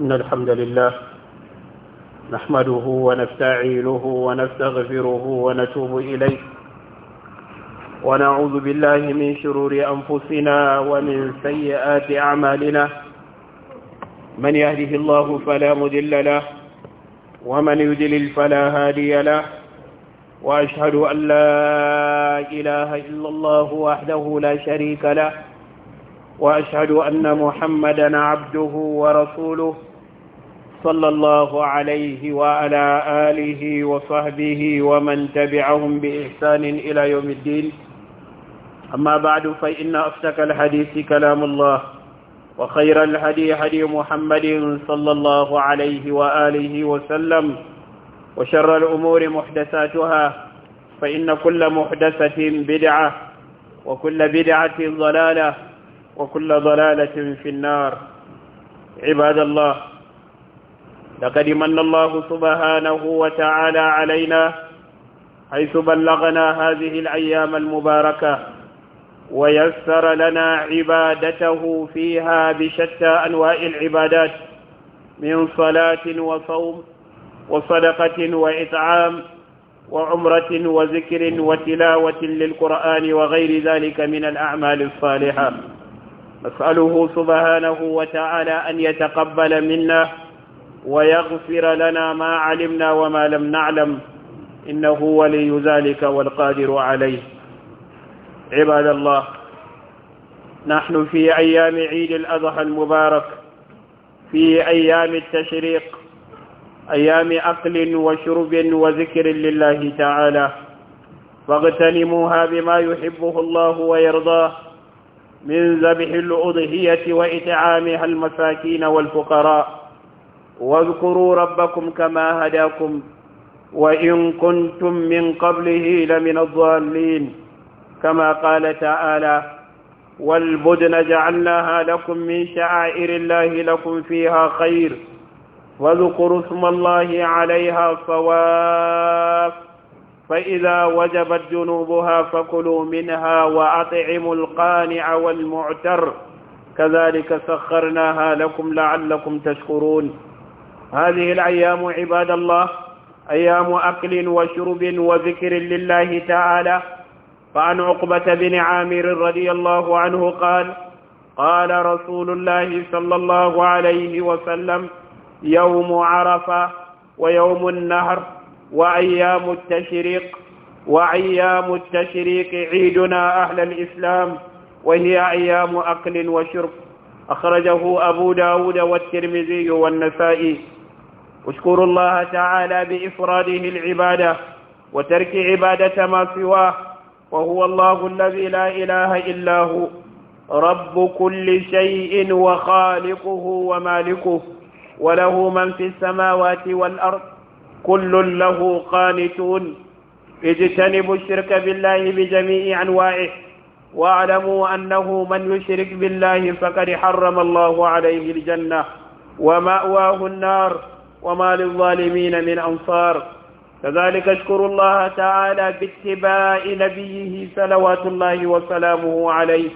إن الحمد لله نحمده ونستعينه ونستغفره ونتوب إليه ونعوذ بالله من شرور أنفسنا ومن سيئات أعمالنا من يهده الله فلا مذل له ومن يدلل فلا هادي له وأشهد أن لا إله إلا الله وحده لا شريك له وأشهد أن محمدا عبده ورسوله صلى الله عليه وعلى آله وصحبه ومن تبعهم بإحسان إلى يوم الدين أما بعد فإن أفتك الحديث كلام الله وخير الهدي هدي محمد صلى الله عليه وآله وسلم وشر الأمور محدثاتها فإن كل محدثة بدعة وكل بدعة ضلالة وكل ضلالة في النار عباد الله لقد من الله سبحانه وتعالى علينا حيث بلغنا هذه الأيام المباركة ويسر لنا عبادته فيها بشتى أنواع العبادات من صلاة وصوم وصدقة وإطعام وعمرة وذكر وتلاوة للقرآن وغير ذلك من الأعمال الصالحة نسأله سبحانه وتعالى أن يتقبل منا ويغفر لنا ما علمنا وما لم نعلم إنه ولي ذلك والقادر عليه عباد الله نحن في أيام عيد الأضحى المبارك في أيام التشريق أيام أكل وشرب وذكر لله تعالى فاغتنموها بما يحبه الله ويرضاه من ذبح الأضحية وإطعامها المساكين والفقراء واذكروا ربكم كما هداكم وإن كنتم من قبله لمن الضالين كما قال تعالى والبدن جعلناها لكم من شعائر الله لكم فيها خير واذكروا اسم الله عليها صواف فإذا وجبت جنوبها فكلوا منها وأطعموا القانع والمعتر كذلك سخرناها لكم لعلكم تشكرون هذه الأيام عباد الله أيام أكل وشرب وذكر لله تعالى فعن عقبة بن عامر رضي الله عنه قال قال رسول الله صلى الله عليه وسلم يوم عرفة ويوم النهر وأيام التشريق وأيام التشريق عيدنا أهل الإسلام وهي أيام أكل وشرب أخرجه أبو داود والترمذي والنسائي اشكروا الله تعالى بإفراده العبادة وترك عبادة ما سواه وهو الله الذي لا إله إلا هو رب كل شيء وخالقه ومالكه وله من في السماوات والأرض كل له قانتون اجتنبوا الشرك بالله بجميع أنواعه واعلموا أنه من يشرك بالله فقد حرم الله عليه الجنة ومأواه النار وما للظالمين من أنصار كذلك اشكروا الله تعالى باتباع نبيه صلوات الله وسلامه عليه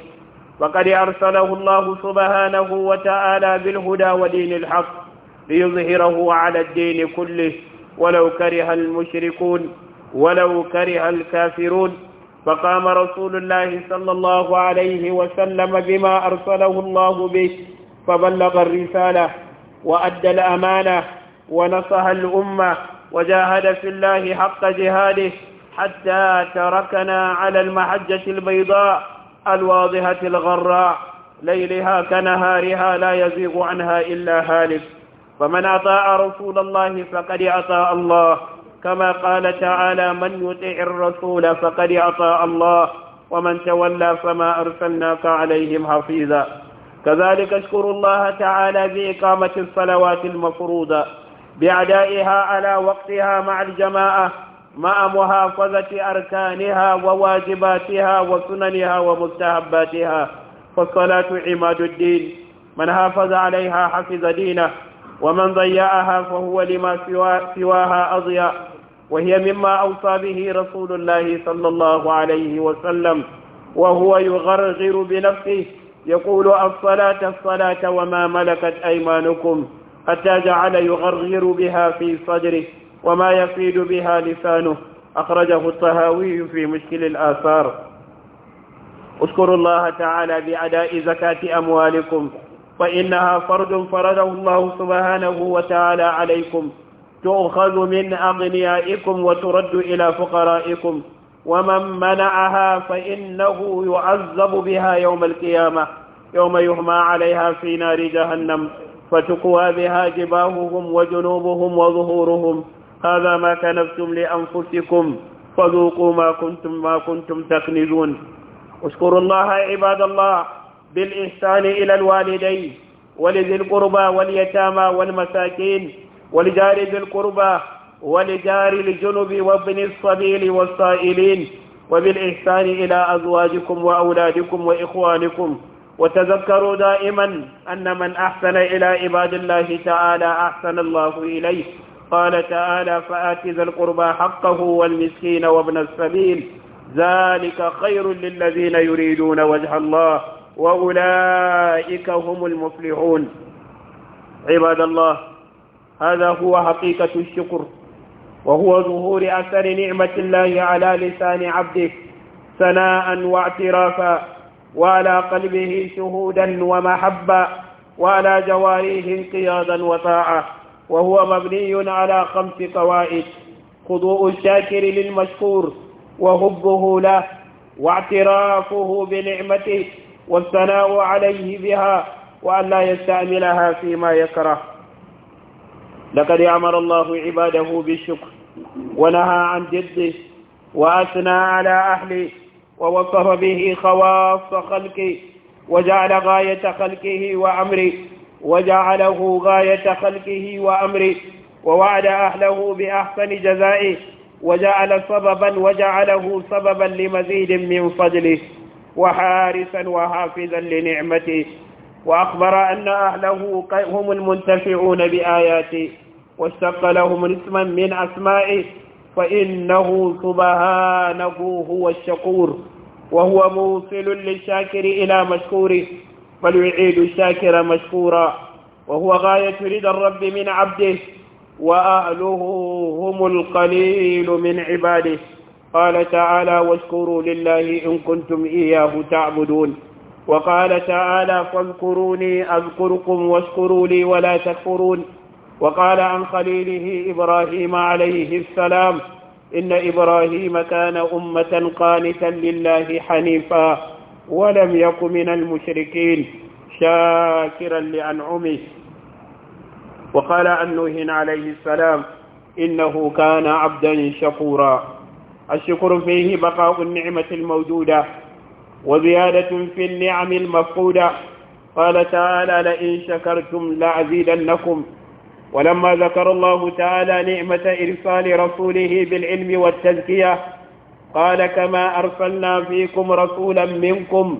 وقد أرسله الله سبحانه وتعالى بالهدى ودين الحق ليظهره على الدين كله ولو كره المشركون ولو كره الكافرون فقام رسول الله صلى الله عليه وسلم بما أرسله الله به فبلغ الرسالة وأدى الأمانة ونصح الأمة وجاهد في الله حق جهاده حتى تركنا على المحجة البيضاء الواضحة الغراء ليلها كنهارها لا يزيغ عنها إلا هالك فمن أطاع رسول الله فقد أطاع الله كما قال تعالى من يطع الرسول فقد أطاع الله ومن تولى فما أرسلناك عليهم حفيظا كذلك اشكروا الله تعالى بإقامة الصلوات المفروضة بأدائها على وقتها مع الجماعة مع محافظة أركانها وواجباتها وسننها ومستحباتها فالصلاة عماد الدين من حافظ عليها حفظ دينه ومن ضيعها فهو لما سوا سواها أضياء وهي مما أوصى به رسول الله صلى الله عليه وسلم وهو يغرغر بنفسه يقول الصلاة الصلاة وما ملكت أيمانكم حتى جعل يغرغر بها في صدره وما يفيد بها لسانه أخرجه الطهاوي في مشكل الآثار اذكروا الله تعالى بأداء زكاة أموالكم فإنها فرض فرضه الله سبحانه وتعالى عليكم تؤخذ من أغنيائكم وترد إلى فقرائكم ومن منعها فإنه يعذب بها يوم القيامة يوم يهمى عليها في نار جهنم فتقوى بها جباههم وجنوبهم وظهورهم هذا ما كنفتم لأنفسكم فذوقوا ما كنتم ما كنتم تكنزون اشكروا الله عباد الله بالإحسان إلى الوالدين ولذي القربى واليتامى والمساكين ولجار ذي القربى ولجار الجنب وابن الصبيل والسائلين وبالإحسان إلى أزواجكم وأولادكم وإخوانكم وتذكروا دائما أن من أحسن إلى عباد الله تعالى أحسن الله إليه قال تعالى فآت ذا القربى حقه والمسكين وابن السبيل ذلك خير للذين يريدون وجه الله وأولئك هم المفلحون عباد الله هذا هو حقيقة الشكر وهو ظهور أثر نعمة الله على لسان عبده ثناء واعترافا وعلى قلبه شهودا ومحبة وعلى جواريه انقيادا وطاعة وهو مبني على خمس قوائد خضوع الشاكر للمشكور وهبه له واعترافه بنعمته والثناء عليه بها وأن لا يستعملها فيما يكره لقد أمر الله عباده بالشكر ونهى عن جده وأثنى على أهله ووصف به خواص خلقه وجعل غاية خلقه وأمره وجعله غاية خلقه وأمره ووعد أهله بأحسن جزائه وجعل سببا وجعله سببا لمزيد من فضله وحارسا وحافظا لنعمته وأخبر أن أهله هم المنتفعون بآياته واشتق لهم اسما من أسمائه فإنه سبحانه هو الشكور وهو موصل للشاكر إلى مشكوره بل يعيد الشاكر مشكورا وهو غاية رضا الرب من عبده وأهله هم القليل من عباده قال تعالى واشكروا لله إن كنتم إياه تعبدون وقال تعالى فاذكروني أذكركم واشكروا لي ولا تكفرون وقال عن خليله إبراهيم عليه السلام إن إبراهيم كان أمة قانتا لله حنيفا ولم يك من المشركين شاكرا لأنعمه وقال عن نوح عليه السلام إنه كان عبدا شكورا الشكر فيه بقاء النعمة الموجودة وزيادة في النعم المفقودة قال تعالى لئن شكرتم لأزيدنكم ولما ذكر الله تعالى نعمة إرسال رسوله بالعلم والتزكية قال كما أرسلنا فيكم رسولا منكم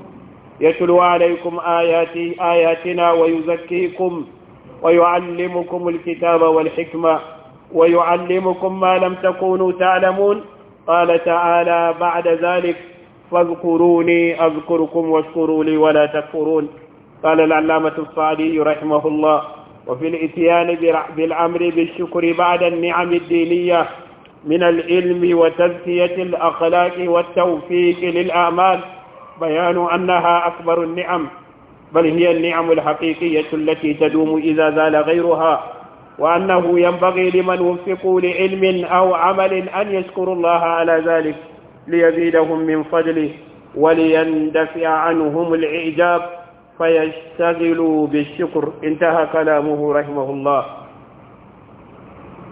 يتلو عليكم آيات آياتنا ويزكيكم ويعلمكم الكتاب والحكمة ويعلمكم ما لم تكونوا تعلمون قال تعالى بعد ذلك فاذكروني أذكركم واشكروا لي ولا تكفرون قال العلامة الصعدي رحمه الله وفي الاتيان بالأمر بالشكر بعد النعم الدينية من العلم وتزكية الأخلاق والتوفيق للأعمال بيان أنها أكبر النعم بل هي النعم الحقيقية التي تدوم إذا زال غيرها وأنه ينبغي لمن وفقوا لعلم أو عمل أن يشكروا الله على ذلك ليزيدهم من فضله وليندفع عنهم الإعجاب فيشتغلوا بالشكر انتهى كلامه رحمه الله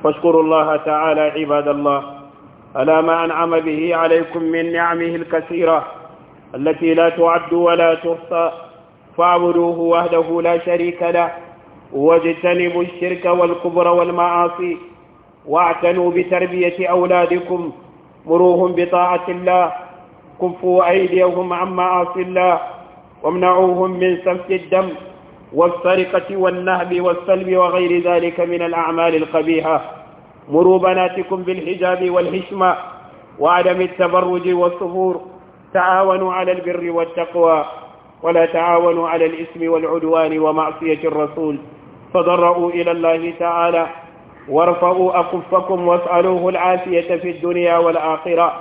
فاشكروا الله تعالى عباد الله على ما أنعم به عليكم من نعمه الكثيرة التي لا تعد ولا تحصى فاعبدوه وحده لا شريك له واجتنبوا الشرك والكبر والمعاصي واعتنوا بتربية أولادكم مروهم بطاعة الله كفوا أيديهم عن معاصي الله وامنعوهم من سفك الدم والسرقة والنهب والسلب وغير ذلك من الأعمال القبيحة مروا بناتكم بالحجاب والحشمة وعدم التبرج والصفور تعاونوا على البر والتقوى ولا تعاونوا على الإثم والعدوان ومعصية الرسول تضرؤوا إلى الله تعالى وارفعوا أكفكم واسألوه العافية في الدنيا والآخرة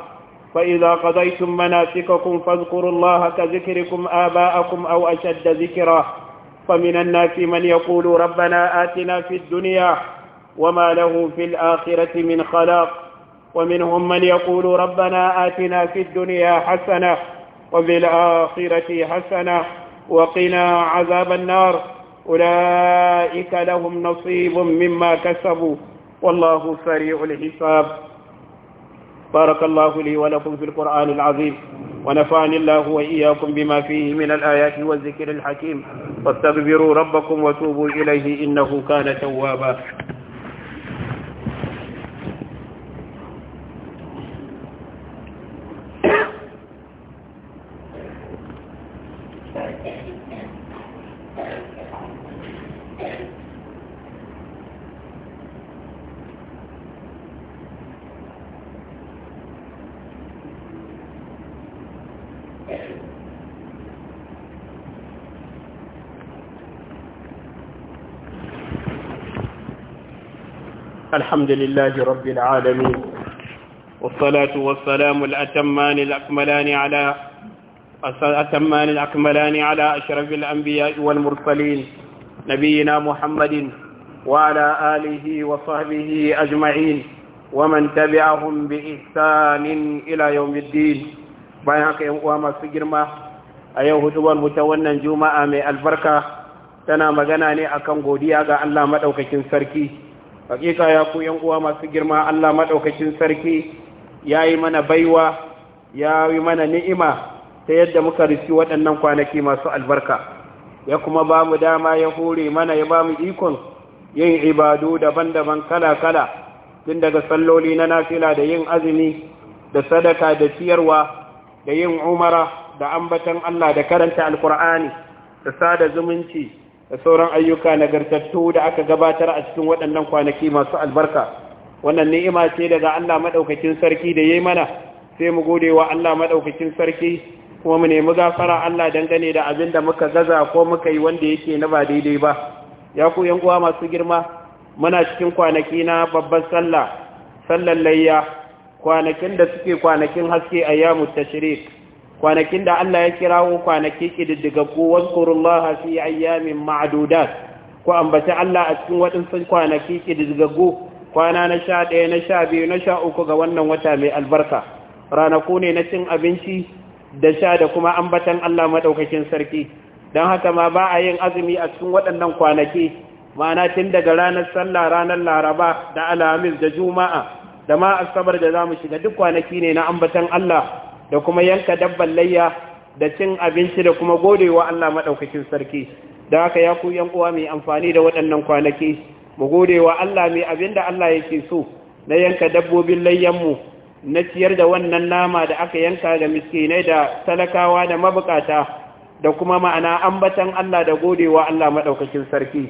فإذا قضيتم مناسككم فاذكروا الله كذكركم آباءكم أو أشد ذكرا فمن الناس من يقول ربنا آتنا في الدنيا وما له في الآخرة من خلاق ومنهم من يقول ربنا آتنا في الدنيا حسنة وفي الآخرة حسنة وقنا عذاب النار أولئك لهم نصيب مما كسبوا والله سريع الحساب بارك الله لي ولكم في القرآن العظيم ونفعني الله وإياكم بما فيه من الآيات والذكر الحكيم واستغفروا ربكم وتوبوا إليه إنه كان توابا الحمد لله رب العالمين والصلاة والسلام الأتمان الأكملان على الأتمان الأكملان على أشرف الأنبياء والمرسلين نبينا محمد وعلى آله وصحبه أجمعين ومن تبعهم بإحسان إلى يوم الدين بيانك يوم السجرمة أيوه دوان متونا جمعة من البركة tana magana ne akan godiya ga Allah maɗaukakin sarki hakika ya ku yan uwa masu girma Allah maɗaukacin sarki yayi mana baiwa ya yi mana ni'ima ta yadda muka riski waɗannan kwanaki masu albarka ya kuma ba mu dama ya hore mana ya ba mu ikon yin ibadu daban-daban kala-kala tun daga salloli na nafila da yin azumi da sadaka da ciyarwa da yin umara da ambatan Allah da karanta alkur'ani da sada zumunci da sauran ayyuka nagartattu da aka gabatar a cikin waɗannan kwanaki masu albarka wannan ni'ima ce daga Allah madaukakin sarki da yayi mana sai mu gode wa Allah madaukakin sarki kuma mu nemi gafara Allah dangane da abin da muka gaza ko muka yi wanda yake na ba daidai ba ya ku yan uwa masu girma muna cikin kwanaki na babban sallah sallar layya kwanakin da suke kwanakin haske a yamu tashrik kwanakin da Allah ya kirawo kwanaki ƙididdigaggu waskurullaha fi ayyamin ma'adudat ku ambaci Allah a cikin waɗansu kwanaki ƙididdigaggu kwana na sha ɗaya na sha biyu na sha uku ga wannan wata mai albarka ranaku ne na cin abinci da sha da kuma ambatan Allah maɗaukakin sarki don haka ma ba a yin azumi a cikin waɗannan kwanaki ma'ana tun daga ranar sallah ranar laraba da alhamis da juma'a da ma asabar da za mu shiga duk kwanaki ne na ambatan Allah da kuma yanka dabban layya da cin abinci da kuma godewa Allah maɗaukakin sarki da haka ya ku yan uwa mai amfani da waɗannan kwanaki mu godewa Allah mai abin da Allah yake so na yanka dabbobin layyanmu na ciyar da wannan nama da aka yanka ga miskinai da talakawa da mabukata da kuma ma'ana ambatan Allah da godewa Allah maɗaukakin sarki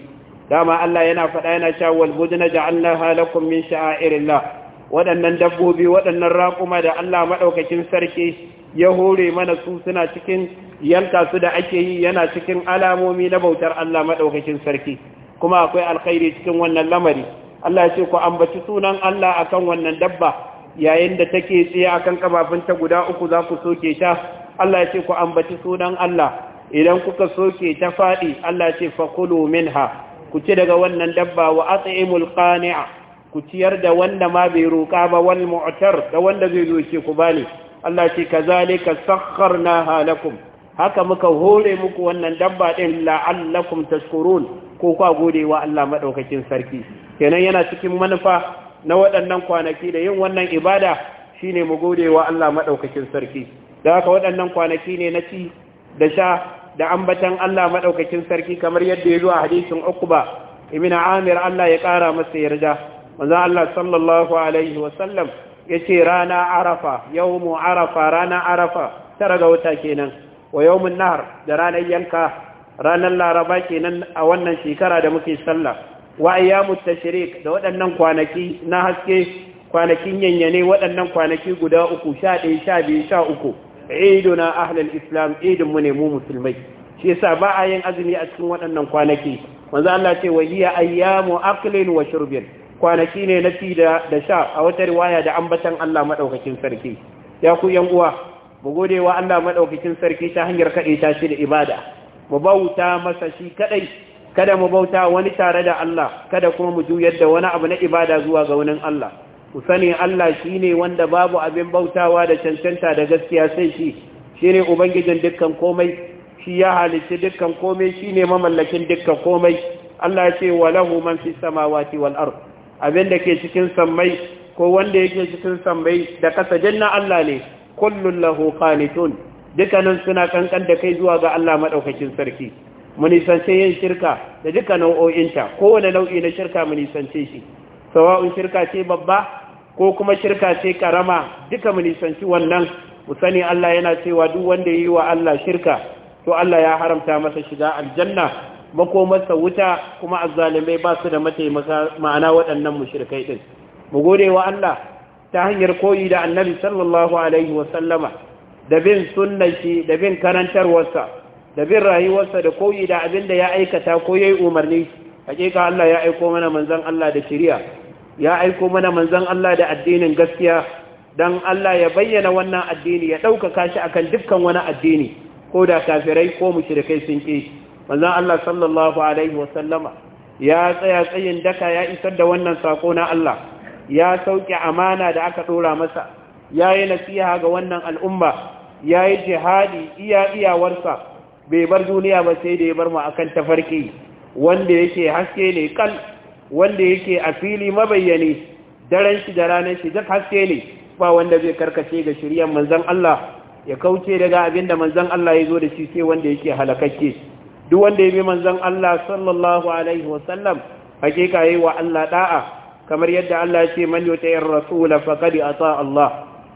dama Allah yana faɗa yana cewa wal Allah ja'alnaha lakum min sha'airillah waɗannan dabbobi waɗannan raƙuma da Allah maɗaukakin sarki ya hore mana su suna cikin yanka su da ake yi yana cikin alamomi na bautar Allah maɗaukakin sarki kuma akwai alkhairi cikin wannan lamari Allah ya ce ku ambaci sunan Allah akan wannan dabba yayin da take tsaye akan kafafun ta guda uku za ku soke ta Allah ya ce ku ambaci sunan Allah idan kuka soke ta faɗi Allah ya ce fakulu minha ku ci daga wannan dabba wa at'imul qani'a ku ciyar da wanda ma bai roƙa ba wal mu'tar da wanda zai roƙe ku bani Allah ce kazalika sakharna halakum haka muka hore muku wannan dabba din la'allakum tashkurun ko kwa godewa Allah madaukakin sarki kenan yana cikin manufa na waɗannan kwanaki da yin wannan ibada shine mu godewa Allah madaukakin sarki da haka waɗannan kwanaki ne na ci da sha da ambatan Allah madaukakin sarki kamar yadda ya zo a hadisin Uqba ibn Amir Allah ya kara masa yarda wanzan Allah sallallahu alaihi wasallam ce rana arafa Yau mu arafa rana arafa tara ga wata kenan wa mun nahar da ranar yanka ranar laraba kenan a wannan shekara da muke sallah wa ayyamut tashrik da waɗannan kwanaki na haske kwanakin yanyane waɗannan kwanaki guda uku sha sha ɗaya, sha uku. 13 na ahlal islam idin mu ne mu musulmai shi yasa ba a yin azumi a cikin waɗannan kwanaki wanzan Allah ce wa hiya ayyamu aqlin wa shurbin kwanaki ne na fi da sha a wata riwaya da ambatan Allah maɗaukakin sarki ya ku yan uwa mu gode wa Allah maɗaukakin sarki ta hanyar kaɗe ta shi da ibada mu bauta masa shi kaɗai kada mu bauta wani tare da Allah kada kuma mu juyar da wani abu na ibada zuwa ga wani Allah ku sani Allah shi ne wanda babu abin bautawa da cancanta da gaskiya sai shi shi ne ubangijin dukkan komai shi ya halicci dukkan komai shi ne mamallakin dukkan komai Allah ya ce wa lahu man fi samawati wal ardh abin da ke cikin sammai ko wanda yake cikin sammai da kasa janna Allah ne kullun lahu qanitun dukkanin suna kankan da kai zuwa ga Allah madaukakin sarki mun nisance yin shirka da dukkan nau'o'inta kowane nau'i na shirka mun nisance shi sawa'un shirka ce babba ko kuma shirka ce karama duka mun nisanci wannan mu sani Allah yana cewa duk wanda yi wa Allah shirka to Allah ya haramta masa shiga aljanna makomarsa wuta kuma azzalimai ba su da mataimaka ma'ana waɗannan mushrikai ɗin. mu gode wa Allah ta hanyar koyi da annabi sallallahu alaihi wa sallama da bin sunnanshi da bin karantarwarsa da bin rayuwarsa da koyi da abin da ya aikata ko yayi umarni hakika Allah ya aiko mana manzon Allah da shari'a ya aiko mana manzon Allah da addinin gaskiya dan Allah ya bayyana wannan addini ya ɗaukaka shi akan dukkan wani addini ko da kafirai ko mushrikai sun ƙi manzan Allah sallallahu alaihi wasallama ya tsaya tsayin daka ya isar da wannan sako na Allah ya sauke amana da aka ɗora masa yayi nasiha ga wannan al'umma yayi jihadi iya iyawarsa bai bar duniya ba sai da ya bar mu akan tafarki wanda yake haske ne kan wanda yake a fili mabayyane daren shi da ranar shi duk haske ne ba wanda zai karkace ga shiryan manzon Allah ya kauce daga abinda manzon Allah ya zo da shi sai wanda yake halakakke duk wanda ya bi manzon Allah sallallahu alaihi wasallam hakika yi wa Allah ɗa'a? kamar yadda Allah ya ce man yuti'ir rasul a ata Allah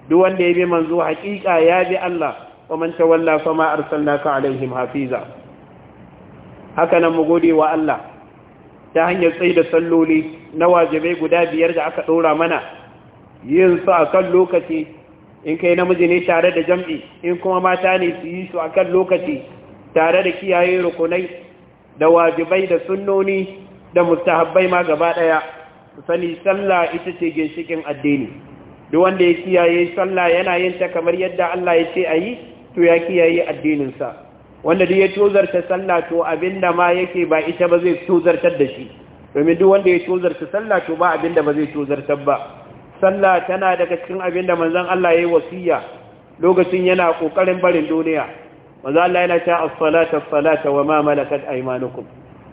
duk wanda ya bi manzo hakika ya bi Allah wa man tawalla fama arsalnaka alaihim hafiza haka nan mu gode wa Allah ta hanyar tsayi da salloli na wajibai guda biyar da aka ɗora mana yin su kan lokaci in kai namiji ne tare da jam'i in kuma mata ne su yi su a kan lokaci tare da kiyaye rukunai da wajibai da sunnoni da mustahabbai ma gaba ɗaya sani sallah ita ce ginshikin addini duk wanda ya kiyaye sallah yana yin ta kamar yadda Allah ya ce ayi yi to ya kiyaye addininsa wanda duk ya tozarta sallah to abinda ma yake ba ita ba zai tozartar da shi domin duk wanda ya tozarta sallah to ba abinda ba zai tozartar ba sallah tana daga cikin abinda manzon Allah ya yi wasiya lokacin yana kokarin barin duniya manzo Allah yana cewa as-salata as-salata wa ma malakat aymanukum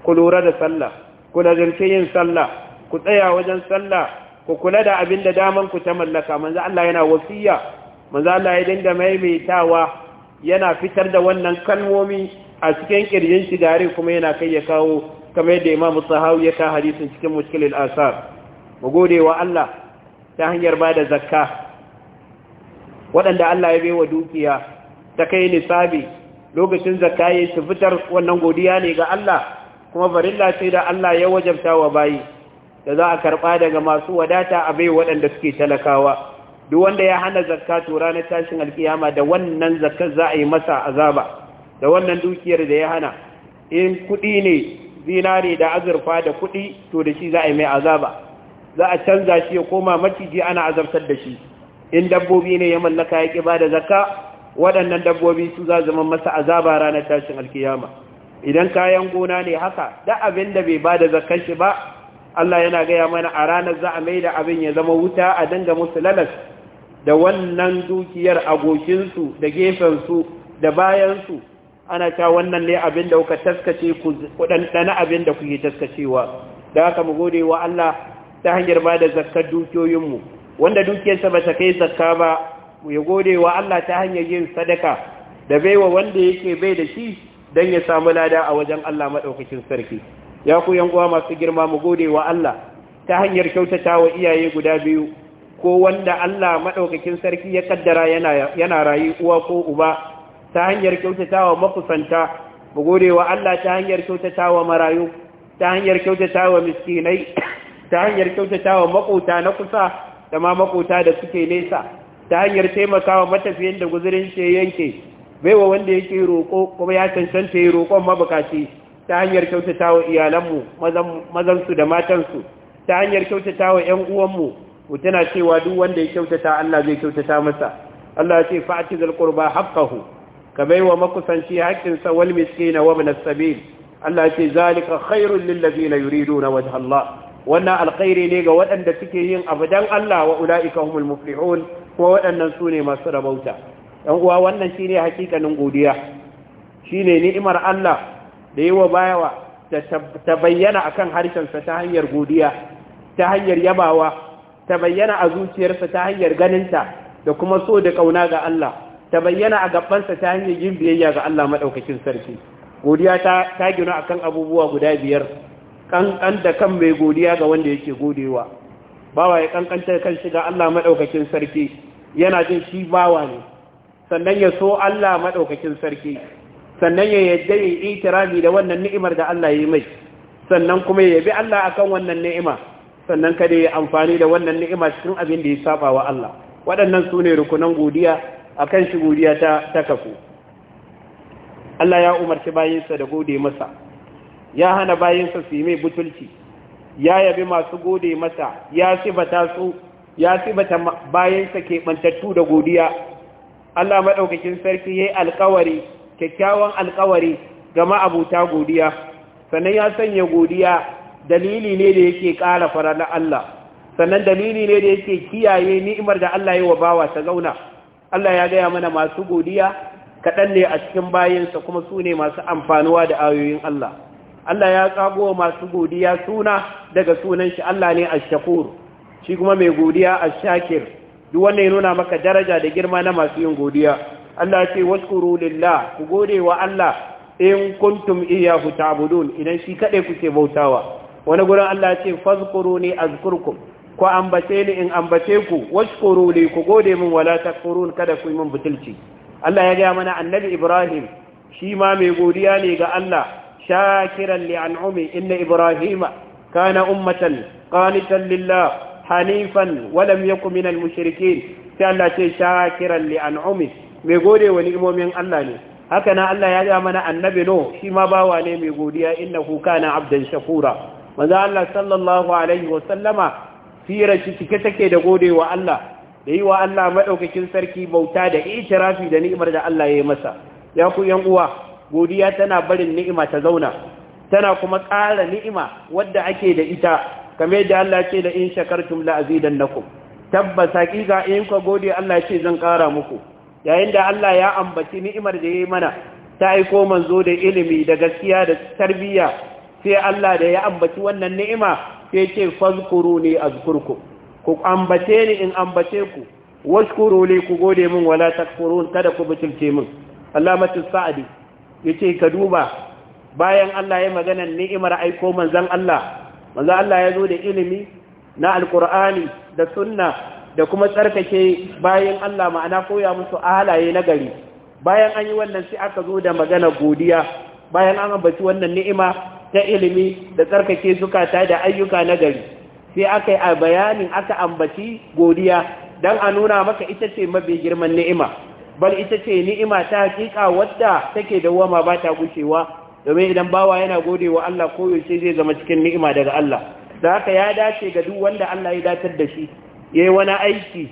ku lura da sallah ku nazarci yin sallah ku tsaya wajen sallah ku kula da abin da daman ku ta mallaka manzo Allah yana wasiya manzo Allah ya dinga maimaitawa yana fitar da wannan kalmomi a cikin kirjin shi gare kuma yana kai ya kawo kamar yadda Imam Sahawi ya ka hadisin cikin Mushkilul Asar mu gode wa Allah ta hanyar ba da zakka waɗanda Allah ya bai wa dukiya ta kai nisabi lokacin zakka ya su fitar wannan godiya ne ga Allah kuma farilla ce da Allah ya wajabta wa bayi da za a karɓa daga masu wadata a bai waɗanda suke talakawa duk wanda ya hana zakka to ranar tashin alkiyama da wannan zakka za a yi masa azaba da wannan dukiyar da ya hana in kuɗi ne zinare da azurfa da kuɗi to da shi za a yi mai azaba za a canza shi ya koma maciji ana azabtar da shi in dabbobi ne ya mallaka ya ƙi ba da zakka waɗannan dabbobi su za zama masa azaba ranar tashin alkiyama idan kayan gona ne haka da abin da bai ba da zakar shi ba Allah yana gaya mana a ranar za a mai da abin ya zama wuta a danga musu lalas da wannan dukiyar agoshinsu da gefensu da bayansu ana ta wannan ne abin da kuka taskace ku ɗanɗana abin da kuke taskacewa da haka mu gode wa Allah ta hanyar ba da zakkar dukiyoyinmu wanda dukiyarsa ba ta kai zakka ba ya gode wa Allah ta hanyar yin sadaka da baiwa wanda yake bai da shi don ya samu lada a wajen Allah maɗaukakin sarki ya ku yankuwa masu girma mu gode wa Allah ta hanyar kyautata wa iyaye guda biyu ko wanda Allah maɗaukakin sarki ya kaddara yana rayu uwa ko uba ta hanyar kyautata wa makusanta mu gode wa Allah ta hanyar kyautata wa marayu ta hanyar kyautata wa miskinai ta hanyar kyautata wa makuta na kusa da ma makuta da suke nesa ta hanyar taimakawa matafiyan da guzurin shi yanke baiwa wanda yake roƙo kuma ya cancanta yi roƙon mabukaci ta hanyar kyautata wa iyalanmu mazansu da matansu ta hanyar kyautata wa ‘yan uwanmu ku tana cewa duk wanda ya kyautata Allah zai kyautata masa Allah ce fa'ati zalƙurba haƙƙahu ka baiwa makusanci haƙƙinsa wal miskina wa min sabil Allah ce zalika khairul na yurido na wajen Allah wannan alkhairi ne ga waɗanda suke yin abu dan Allah wa ulaika humul muflihun ko waɗannan su ne masu rabauta ɗan uwa wannan shi ne hakikanin godiya shi ne ni'imar Allah da yi wa bayawa ta bayyana a kan harshensa ta hanyar godiya ta hanyar yabawa ta bayyana a zuciyarsa ta hanyar ganinta da kuma so da ƙauna ga Allah ta bayyana a gabansa ta hanyar yin biyayya ga Allah maɗaukakin sarki godiya ta gina akan abubuwa guda biyar ƙanƙan da kan mai godiya ga wanda yake godewa bawa ya kankanta kan shiga Allah madaukakin sarki yana jin shi bawa ne sannan ya so Allah madaukakin sarki sannan ya yadda ya itirafi da wannan ni'imar da Allah ya yi mai sannan kuma ya yabi Allah akan wannan ni'ima sannan kada ya amfani da wannan ni'ima cikin abin da ya saba wa Allah waɗannan su ne rukunan godiya a kan shi godiya ta kafu Allah ya umarci bayinsa da gode masa ya hana bayinsa su yi mai butulci ya yabi masu gode masa ya sifata su ya bayansa keɓantattu da godiya Allah maɗaukakin sarki ya yi alkawari kyakkyawan alkawari ga ma'abuta godiya sannan ya sanya godiya dalili ne da yake ƙara na Allah sannan dalili ne da yake kiyaye ni'imar da Allah ya wa bawa ta zauna Allah ya gaya mana masu godiya kaɗan ne a cikin bayansa kuma su ne masu amfanuwa da ayoyin Allah Allah ya tsago masu godiya suna daga sunan shi Allah ne a shakur shi kuma mai godiya a shakir duk wanda ya nuna maka daraja da girma na masu yin godiya Allah ce waskuru lillah ku gode wa Allah in kuntum iyyahu ta'budun idan shi kade kuke bautawa wani gurin Allah ce fazkuruni azkurkum ku ambace ni in ambace ku waskuru li ku gode min wala takfurun kada ku yi min butulci Allah ya ga mana annabi Ibrahim shi ma mai godiya ne ga Allah شاكرا لأنعمه إن إبراهيم كان أمة قانتا لله حنيفا ولم يكن من المشركين تعالى شاكرا لأنعمه بيقولي ونعمه من الله لي هكذا الله يجعل من النبي نو شما باواني بيقولي إنه كان عبدا شكورا ماذا الله صلى الله عليه وسلم sirar shi cike take da gode wa Allah da yi wa Allah maɗaukakin sarki bauta da itirafi da ni'imar da Allah ya yi masa ya ku yan uwa godiya tana barin ni'ima ta zauna tana kuma ƙara ni'ima wadda ake da ita kamar da Allah ce da in shakartum la azidannakum tabbas hakika in ka gode Allah ce zan ƙara muku yayin da Allah ya ambaci ni'imar da yayi mana ta aiko manzo da ilimi da gaskiya da tarbiyya sai Allah da ya ambaci wannan ni'ima sai ce fazkuruni azkurku ku ambace ni in ambace ku washkuru li ku gode min wala takfurun kada ku bitilce min Allah matis sa'adi Ya ce ka duba bayan Allah ya magana ni'imar aiko manzan Allah manzan Allah ya zo da ilimi na alqur'ani da sunna da kuma tsarkake bayan Allah ma'ana koya musu halaye na gari bayan an yi wannan sai aka zo da magana godiya bayan an ambaci wannan ni'ima ta ilimi da tsarkake zukata da ayyuka na gari sai aka yi a bayanin aka ambaci godiya don a nuna maka ita ce mabi girman ni'ima bal ita ce ni'ima ta hakika wadda take dawama ba ta gushewa domin idan bawa yana gode wa Allah koyaushe zai zama cikin ni'ima daga Allah da haka ya dace ga duk wanda Allah ya datar da shi ya wani aiki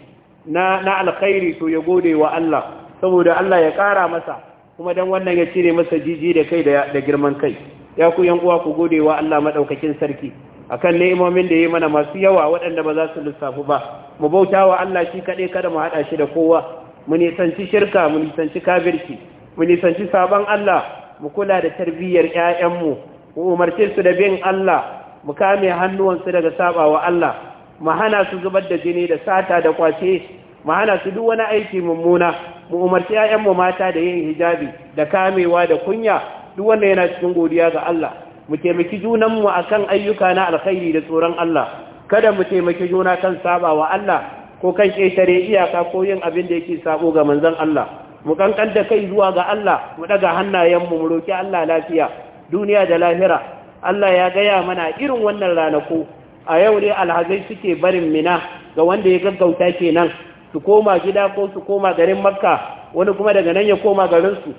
na, na alkhairi to ya gode wa Allah saboda Allah ya kara masa kuma dan wannan ya cire masa jiji da kai da girman kai ya ku yan uwa ku gode wa Allah madaukakin sarki akan ni'imomin da ya mana masu yawa waɗanda ba za su lissafu ba mu bauta wa Allah shi kaɗai kada mu haɗa shi da kowa mu nisanci shirka mu nisanci kabirci mu nisanci sabon Allah mu kula da tarbiyyar ƴaƴanmu mu umarce su da bin Allah mu kame hannuwansu daga sabawa Allah mu hana su zubar da jini da sata da kwace mu hana su duk wani aiki mummuna mu umarci ƴaƴanmu mata da yin hijabi da kamewa da kunya duk wanda yana cikin godiya ga Allah mu taimaki junanmu akan ayyuka na alkhairi da tsoron Allah kada mu taimaki juna kan sabawa Allah ko kan ƙetare iyaka ko yin abin da yake sabo ga manzan Allah mu kankan da kai zuwa ga Allah mu daga hannayenmu mu roki Allah lafiya duniya da lahira Allah ya gaya mana irin wannan ranaku a yau ne alhazai suke barin mina ga wanda ya gaggauta kenan su koma gida ko su koma garin makka wani kuma daga nan ya koma garin su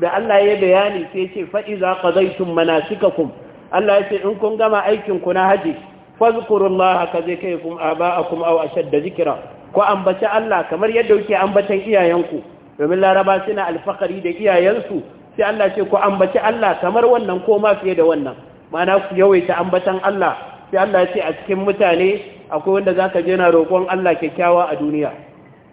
da Allah ya bayani sai ce faɗi za qadaytum manasikakum Allah ya ce in kun gama aikin ku na haji Allah ka zai kai kun aba'akum aw ashadda zikra ko ambaci Allah kamar yadda kuke ambatan iyayenku domin laraba suna alfakari da iyayensu sai Allah ce ku ambaci Allah kamar wannan ko ma fiye da wannan mana ku yawaita ambatan Allah sai Allah ce a cikin mutane akwai wanda zaka je na roƙon Allah kyakkyawa a duniya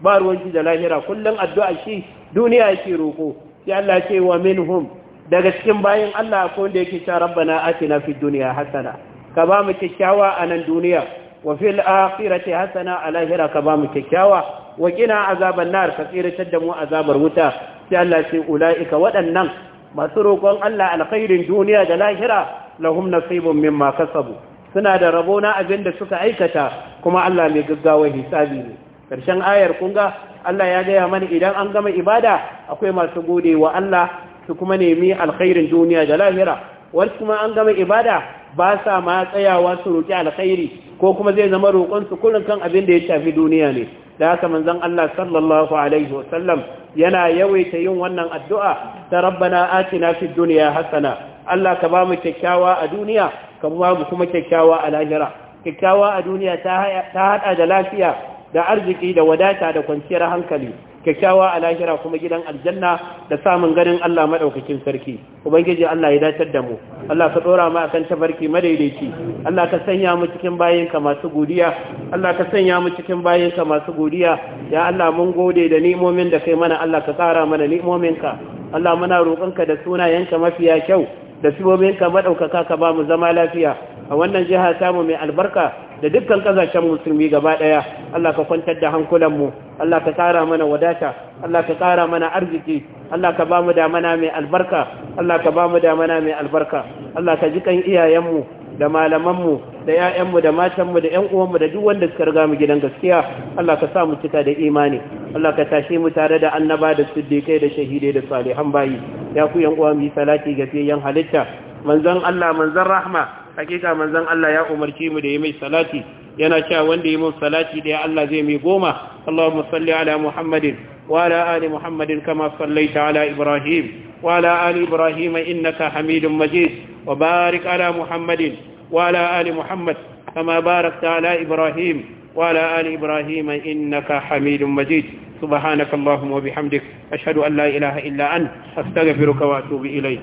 ba ruwan da lahira kullum addu'a shi duniya yake roƙo sai Allah ce wa minhum daga cikin bayin Allah akwai wanda yake cewa rabbana atina fid dunya hasana ka ba mu kyakkyawa a nan duniya wa fil akhirati hasana a lahira ka ba mu kyakkyawa wa qina azaban nar ka tsiratar da mu azabar wuta sai Allah ce ulaika waɗannan masu roƙon Allah alkhairin duniya da lahira lahum nasibun mimma kasabu suna da rabo na abin da suka aikata kuma Allah mai gaggawa hisabi ne karshen ayar kun ga Allah ya gaya mana idan an gama ibada akwai masu gode wa Allah su kuma nemi alkhairin duniya da lahira wasu kuma an gama ibada ba sa ma tsayawa su roƙi alkhairi ko kuma zai zama roƙon su kullun kan abin da ya shafi duniya ne da haka manzon Allah sallallahu alaihi wasallam yana yawaita yin wannan addu'a ta rabbana atina fid dunya hasana Allah ka ba mu kyakkyawa a duniya ka ba mu kuma kyakkyawa a lahira kyakkyawa a duniya ta hada da lafiya da arziki da wadata da kwanciyar hankali kyakkyawa a lahira kuma gidan aljanna da samun ganin Allah madaukakin sarki ubangiji Allah ya dacar da mu Allah ka dora mu akan tafarki madaidaici Allah ka sanya mu cikin bayinka masu godiya Allah ka sanya mu cikin bayinka masu godiya ya Allah mun gode da ni'imomin da kai mana Allah ka tsara mana ka Allah muna roƙonka da sunayenka mafiya kyau da ka madaukaka ka ba mu zama lafiya a wannan jiha samu mai albarka da dukkan kasashen musulmi gaba daya Allah ka kwantar da hankulan mu Allah ka tsara mana wadata Allah ka tsara mana arziki Allah ka ba mu mana mai albarka Allah ka ba mu damana mai albarka Allah ka ji kan iyayenmu da malamanmu da 'ya'yanmu da matanmu da 'yan uwanmu da duk wanda suka riga mu gidan gaskiya Allah ka sa mu cika da imani Allah ka tashe mu tare da annaba da siddiqai da shahidai da salihan bayi ya ku yan uwa mu salati ga fiyan halitta manzon Allah manzon rahma hakika manzon Allah ya umarci mu da yi mai salati yana cewa wanda yi mun salati da Allah zai mai goma اللهم صل على محمد وعلى آل محمد كما صليت على إبراهيم وعلى آل إبراهيم إنك حميد مجيد وبارك على محمد وعلى آل محمد كما باركت على إبراهيم وعلى آل إبراهيم إنك حميد مجيد سبحانك اللهم وبحمدك أشهد أن لا إله إلا أنت أستغفرك وأتوب إليك